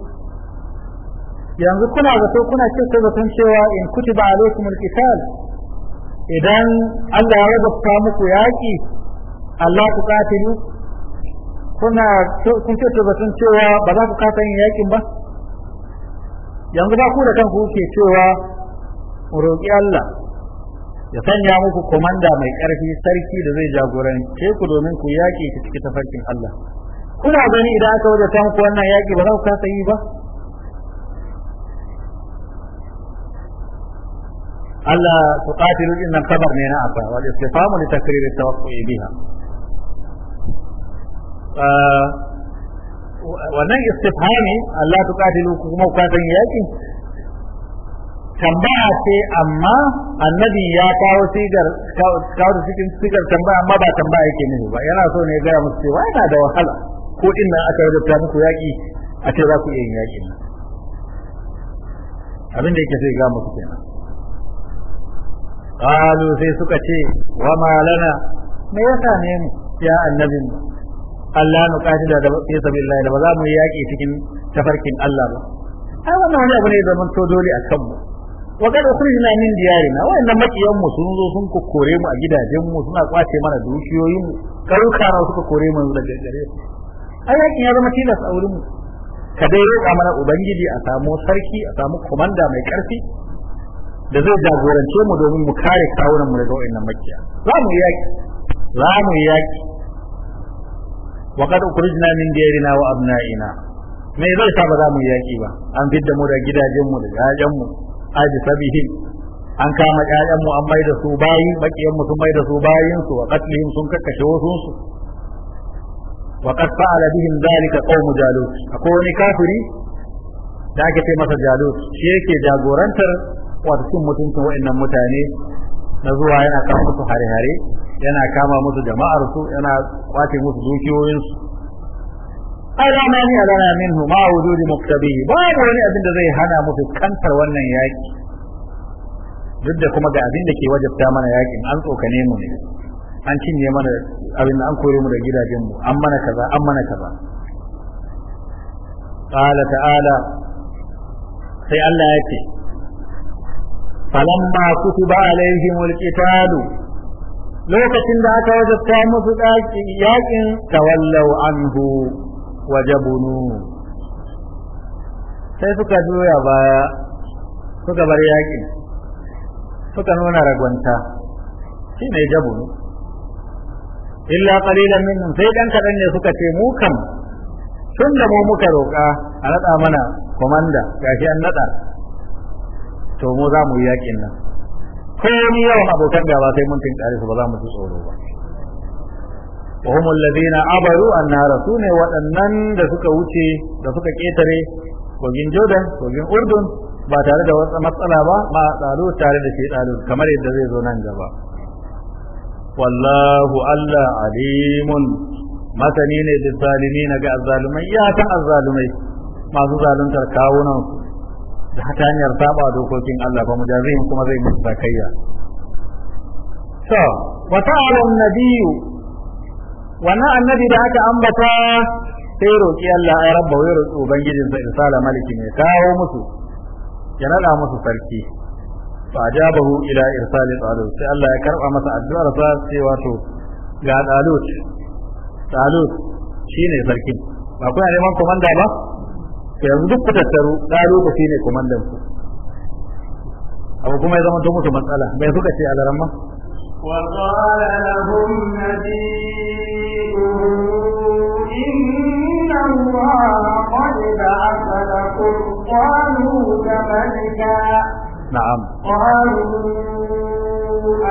B: yanzu kuna zato kuna kyauta zaton cewa in kutiba alaikumul qital idan Allah ya rubuta muku yaki Allah ku katilu kuna kun ta zaton cewa ba za ku kasa yin yakin ba yanzu ba ku da kanku kuke cewa roƙi Allah ya sanya muku komanda mai ƙarfi sarki da zai jagorance ku domin ku yaƙi ta cikin tafarkin Allah
C: kuna gani idan aka waje
B: ta ku wannan yaƙi ba za ku kasa yi ba Allah tuqatilu innan kabar ne na afa wal istifamu li takrir at ya biha ah, wannan istifhami Allah ta katilu ku kuma ku san yaki tambaya ce amma annabi ya kawo sigar kawo cikin sigar tambaya amma ba tambaya yake ne ba yana so ne ya gaya musu cewa yana da wahala ko inna aka da muku yaki a ce za ku iya yin abin da yake sai ga muku kenan qalu sai suka ce wa ma lana me yasa ne mu ya annabin Allah nu qatila da fi sabilillah da ba za mu yaƙi cikin tafarkin Allah ba ai wannan wani abu ne da mun to dole a kanmu wa kad ukhrijna min diyarina wa inna maqiyan mu sun zo sun kokore mu a gidajen mu suna kwace mana dukiyoyin mu karuka na suka kore mu ai yaƙin ya zama tilas a wurin mu ka dai roƙa mana ubangiji a samu sarki a samu komanda mai ƙarfi da zai jagorance mu domin mu kare kawunan mu daga wa'annan makiya za mu yaƙi za mu yaƙi wa qad ukhrijna min diyarina wa abna'ina me zai sa ba za mu yaki ba an fidda mu da gidajen mu da yayan mu aji sabihin an kama yayan mu an mai da su bayi bakiyan mu sun mai da su bayin su wa qatlihim sun kakkashe wasu su wa fa'ala bihim dhalika qaum jalut ko wani kafiri da ake ce masa jalut shi yake jagorantar wato cin mutuncin wa'annan mutane na zuwa yana kawo su hare-hare yana kama musu jama'ar su yana kwace musu dukiyoyin su ala ma ni ala minhu ma wujudi Ba babu wani abin da zai hana musu kantar wannan yaki duk da kuma ga abin da ke wajabta mana yakin an tsokane mu ne an cinye mana abin da an kore mu da gidajen mu an mana kaza an mana kaza qala ta'ala sai Allah ya ce falamma kutiba alaihimul qitalu lokacin da aka wajabta musu yakin tawallau anhu wajabunu sai suka doya baya suka bar yakin suka nuna ragwanta shi ne jabunu illa qalilan minhum sai dan kadan ne suka ce mu kan tun da mu muka roƙa a naɗa mana komanda gashi an naɗa to mu za mu yi yakin nan ko ni yawan abokan gaba sai mun tinkare su ba za mu ji tsoro ba wa humul na abaru annara sune waɗannan da suka wuce da suka ketare kogin Jordan kogin Urdun ba tare da wata matsala ba ba tsaro tare da shaytanu kamar yadda zai zo nan gaba wallahu Allah alimun masani ne da zalimai na ga azzalumai ya san azzalumai masu zaluntar kawunan su da ta hanyar saba dokokin Allah ba mujazihim kuma zai musu sakayya to wa ta'ala nabiyyu wannan annabi da aka ambata sai roƙi Allah ya rabba ya roƙi sa insala maliki ne kawo musu ya nada musu sarki fa ajabahu ila irsali talut sai Allah ya karba masa addu'ar sa sai wato ga talut talut shine sarki ba kuna neman komanda ba yanzu duk ku tattaru lokaci ne shine kumandan ku abu kuma ya zama to musu matsala bai suka ce alaramma
A: وقال لهم نبيهم إن الله قالوا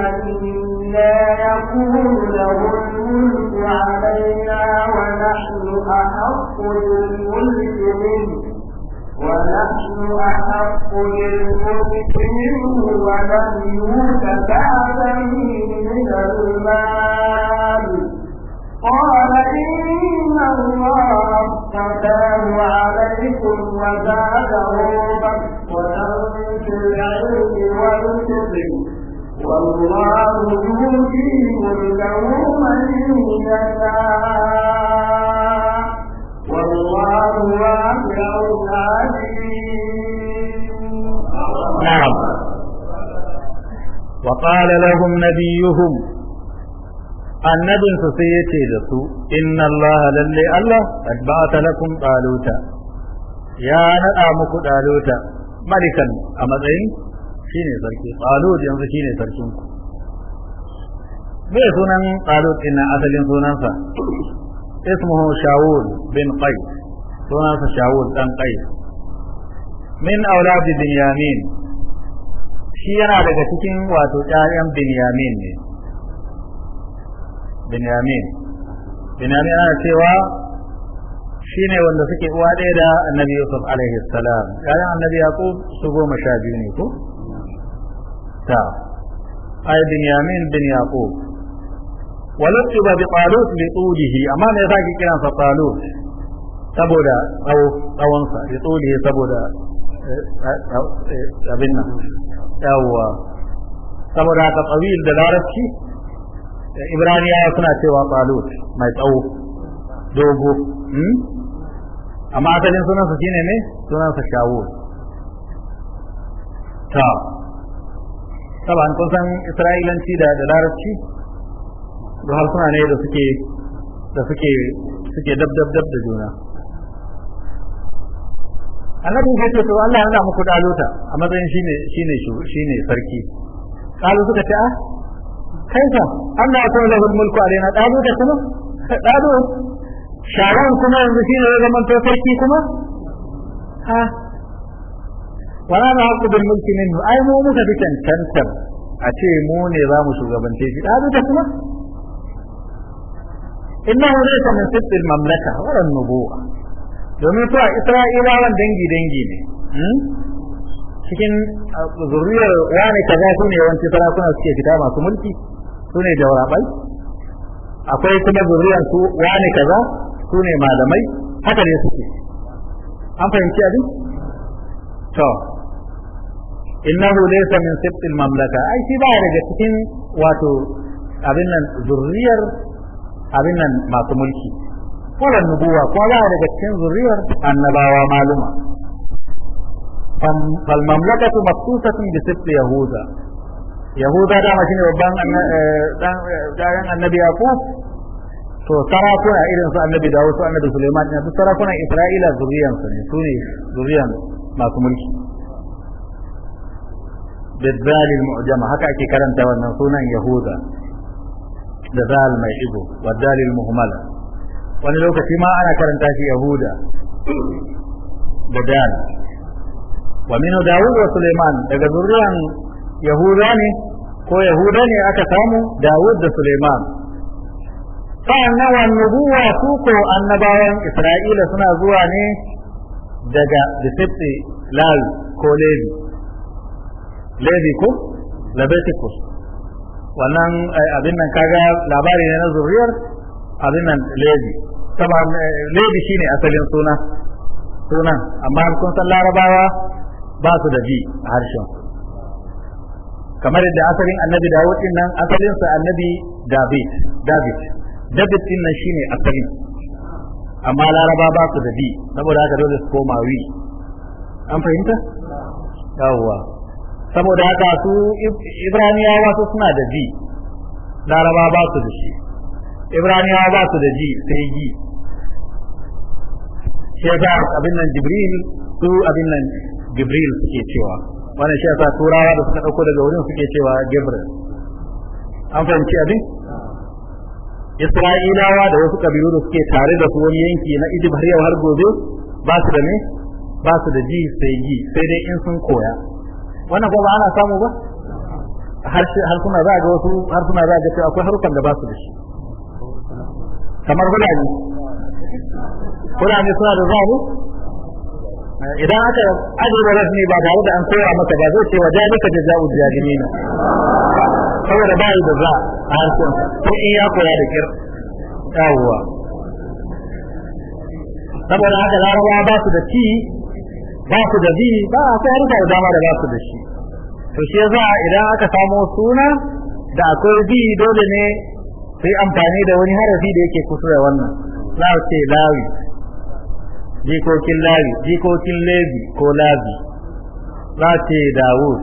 A: أن لا يكون له الملك علينا ونحن أحق للملك منه ونحن أحق بالملك منه ولم يوت بعده من المال قال إن الله اصطفاه عليكم وزاده بسطة في العلم والكبر والله يؤتي ملكه من يشاء والله واسع نعم
B: وقال لهم نبيهم annabin su sai ya ce da su inna Allah lalle Allah qad ba'ata lakum taluta ya nada muku taluta malikan a matsayin shi ne sarki ƙalud yanzu shi ne sarkin ku bai sunan ƙalud ɗin nan asalin sunansa ismuhu shawul bin qais sunansa shawul ɗan qais min auladi binyamin shi yana daga cikin wato ƴaƴan binyamin ne binyamin binyamin ana cewa shi ne wanda suke uwa ɗaya da annabi yusuf alaihi salam ƴaƴan annabi yaqub su goma sha biyu ne ko ta ay binyamin bin yaqub walatu ba biqalut li tudihi amma ne zaki kira fa qalu saboda au awan sa li tudihi saboda eh abinna saboda ta qawil da larabci ibraniya suna cewa qalu mai tsau dogo hmm amma ta ne suna su ne ne suna ta saban kun san isra'ilanci da da larabci da harsuna ne da suke da suke suke dab dab dab da juna annabi ya ce to Allah ya muku daluta a matsayin shine shine shine sarki kalu suka ce ah kai fa Allah ya kawo lahul
C: mulku alaina daluta kuma dalu sharon kuma yanzu shine ya zama sarki kuma ha ah, wala na haku bil mulki ne
B: ai mu muka fi cancantar a ce mu ne za mu shugabance shi da duka kuma innahu laysa mun sittil mamlaka wala nubuwa domin to a isra'ilawan dangi dangi ne hmm? cikin ah, zuriyar wani kaza su ne yawanci sarakuna suke fita masu mulki su ne jawrabai akwai kuma zuriyar su wani kaza su ne malamai haka ne suke an fahimci abin to إنه ليس من سبط المملكة أي في بارجة تكين واتو أبنا ذرير أبنا ما تملكي ولا النبوة ولا بارجة تكين ذرير النبا ومعلومة فالمملكة مبسوسة بسبط يهوذا يهوذا دا مجيني ربان
C: أن النبي
B: يقوف to sarakuna irin su annabi Dawud su annabi Sulaiman ne su sarakuna Isra'ila zuriyan su ne su ne zuriyan masu mulki بالذال المعجمة هكا اكي كلام تاوانا سونا يهودا بالذال ما يجبه والذال المهملة وانا لو كتما انا كلام تاشي يهودا بدان ومن داود وسليمان اذا ذريان يهوداني كو يهوداني اكا سامو داود وسليمان فانا والنبوة سوكو النباوان اسرائيل سنا زواني دجا بسبت لال كوليبي levikum leviticus wannan eh, abin nan kaga labari ne na zuriyar abin nan levi saboda eh, levi shine asalin suna sunan amma kun san larabawa ba su da bi a harshen kamar yadda asalin annabi dawud din nan asalinsa annabi david david david din nan shine asalin amma laraba ba su da bi saboda haka dole su koma wi an fahimta yawwa saboda haka su ibraniyawa su suna da ji laraba ba su da shi ibraniyawa ba su da ji sai ji shi ya abin nan jibril su abin nan jibril suke cewa wani shi ya sa turawa da suka dauko daga wurin suke cewa jibril an fahimci abin isra'ilawa da wasu kabilu da suke tare da su wani yanki na idib har yau har gobe ba su da ne ba su da ji sai ji sai dai in sun koya wannan ko ba ana samu ba harsuna za ga wasu harsuna za ga cewa akwai harukan da ba su da shi
C: kamar hulani hulani suna da zaru idan aka ajiye rasmi ba tare da an koya maka ba zai ce wa jalika jaza'u ne saboda ba da za a harshen ko in ya koya da kir yawwa saboda haka
B: larabawa ba su da ci ba su da bi ba akwai harka da dama da ba su da shi to shi yasa idan aka samo suna da akwai bi dole ne sai amfani da wani harafi da yake kusa da wannan za su ce lawi jikokin lawi jikokin lebi ko labi za su ce dawud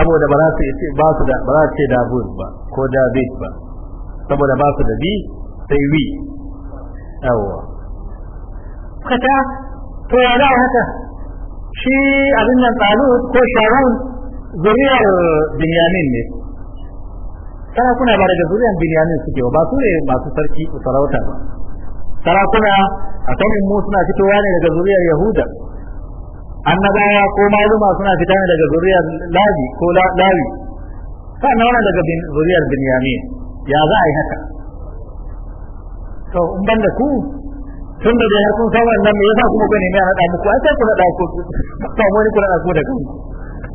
B: saboda ba za su ce ba su da ba za su ce dawud ba ko david ba saboda ba su da bi sai wi yawwa
C: kata to ya da haka shi abin nan talut ko sharon
B: zuriyar binyamin ne sarakuna ba daga zuriyar binyamin suke ba su ne masu sarki sarauta ba sarakuna a sanin mu suna fitowa ne daga zuriyar yahuda annabawa ko maluma suna fita ne daga zuriyar lawi ko lawi sannan wannan daga zuriyar binyamin ya za a yi haka
C: to in ban da ku tun da ya sun san wannan me yasa kuma ku nemi a nada muku ai sai ku nada ku ba mu ne ku nada ku da kanku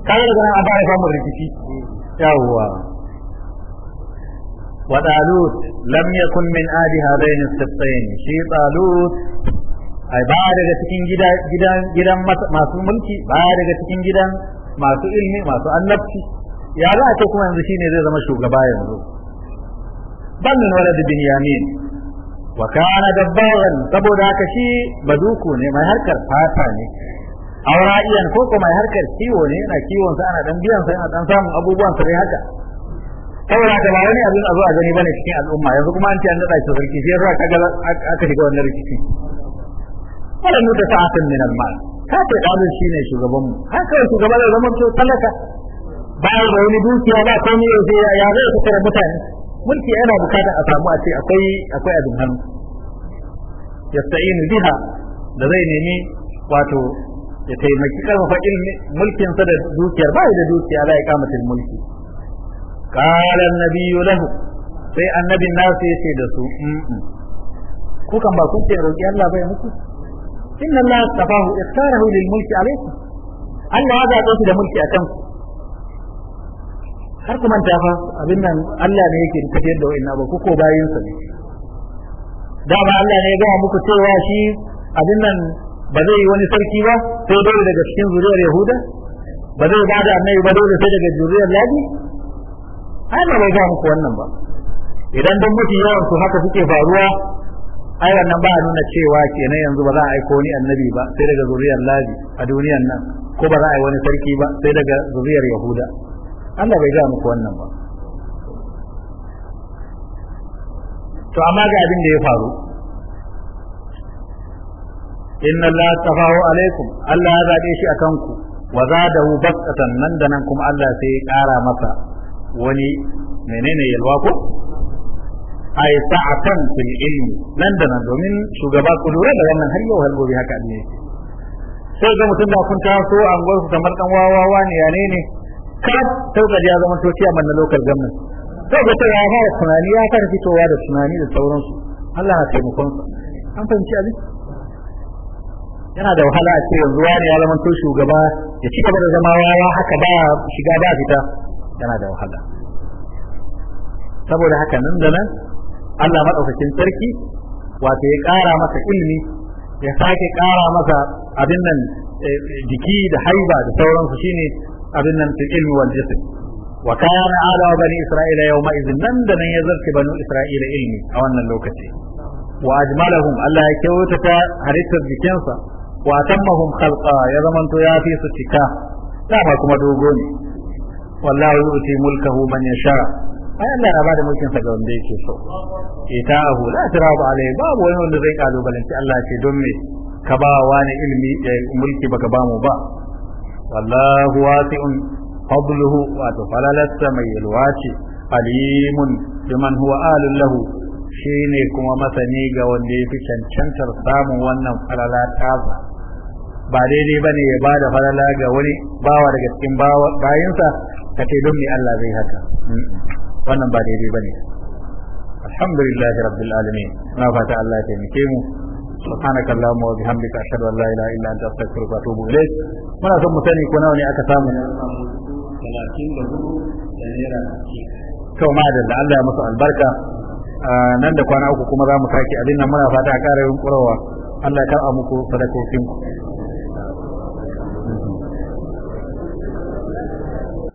C: kai da nan a ba ya rikici yawwa wa talut
B: lam yakun min adi hadain as-sibtain shi talut ai ba daga cikin gidan gidan masu mulki ba daga cikin gidan masu ilmi masu annabci ya za a ce kuma yanzu shine zai zama shugaba yanzu ban min walad bin yamin wa kana dabbaran saboda haka shi baduku ne mai harkar fata ne aura iyan ko kuma mai harkar kiwo ne Ina kiwon sa ana dan biyan sa yana dan samun abubuwan sa dai haka saboda haka ba ne abin azu zo a gani bane cikin al'umma yanzu kuma an ce an nada shi sarki sai zuwa kaga aka shiga wannan rikici wala nuta sa'atin min al-mal ka ce shi ne shugaban mu haka
C: shugaban da zaman to talaka Bayan da wani dukiya ba komai ya ya zai fitar mutane mulki yana bukatar a
B: samu a ce akwai akwai abin hannu ya yasta'inu biha da zai nemi wato ya taimaki karfafa ilmi mulkin sa da dukiyar bai da dukiya la iqamatul mulki qala an-nabiyyu lahu sai annabin nasu yace da su ku kan ba kun ce roki Allah bai muku inna Allah tafahu ikhtarahu lil mulki alaykum Allah ya zaɓe su da mulki a kanku har kuma ta fa abin nan Allah ne yake tafiyar da waina ba kuko bayin sa ne da ba Allah ne ya gaya muku cewa shi abin nan ba zai yi wani sarki ba sai dole daga cikin zuriyar Yahuda ba zai ba da annabi ba dole sai daga zuriyar Ladi ai ba bai ga muku wannan ba idan dan mutu yawan su haka suke faruwa ai wannan ba nuna cewa kenan yanzu ba za a aiko wani annabi ba sai daga zuriyar Ladi a duniyar nan ko ba za a yi wani sarki ba sai daga zuriyar Yahuda Allah bai gaya muku wannan ba to amma ga abin da ya faru inna Allah tafahu alaikum Allah ya zaɓe shi a kanku wa zadahu baqatan nan da nan kuma Allah sai ya ƙara masa wani menene yalwa ko ay sa'atan fil ilmi nan da nan domin shugaba ku lura da wannan har yau har haka ne sai ga mutum da kun taso an gwarsu kamar dan wawawa ne yane ne kaf sai ka ya zama to ciyaman na local government sai ga ya fara tunani ya fara fitowa da tunani da sauransu Allah ya taimakon sa an fahimci abin yana da wahala a ce yanzu wani ya zama to shugaba ya ci gaba da zama wawa haka ba shiga ba fita yana da wahala saboda haka nan da nan Allah madaukakin sarki wato ya ƙara masa ilimi ya sake ƙara masa abin nan eh, jiki da haiba da sauransu shine abin nan fil ilmi wal jism wa kana ala bani isra'ila yawma idhin nan da nan ya zarce bani isra'ila ilmi a wannan lokaci wa ajmalahum Allah ya kyautata halittar jikinsa wa tammahum khalqa ya zamanto ya fi su cika dama kuma dogo ne wallahu yu'ti mulkahu man yasha ai Allah ya bada mulkin sa ga wanda yake so ita'ahu la tirabu alai babu wani wanda zai kalubalanci Allah ce don me ka ba wani ilmi eh, mulki baka ba mu ba wallahu wasi'un fadluhu wato falalasta mai yalwace alimun liman huwa alun lahu shine kuma masani ga wanda ya fi cancantar samun wannan falala tasa ba daidai ba ne ya ba da falala ga wani bawa daga cikin bayansa ka ce don me Allah zai haka wannan ba daidai ba ne Alhamdulillahi rabbil alamin na fata Allah ya taimake mu subhanaka allahumma wa bihamdika ashhadu an la ilaha illa anta astaghfiruka wa muna son mu sani ko nawa ne aka samu
C: 34 da
B: naira to madalla albarka nan da kwana uku kuma za mu sake abin nan muna fata a ƙara yin ƙurawa Allah ya karɓa muku sadakokinku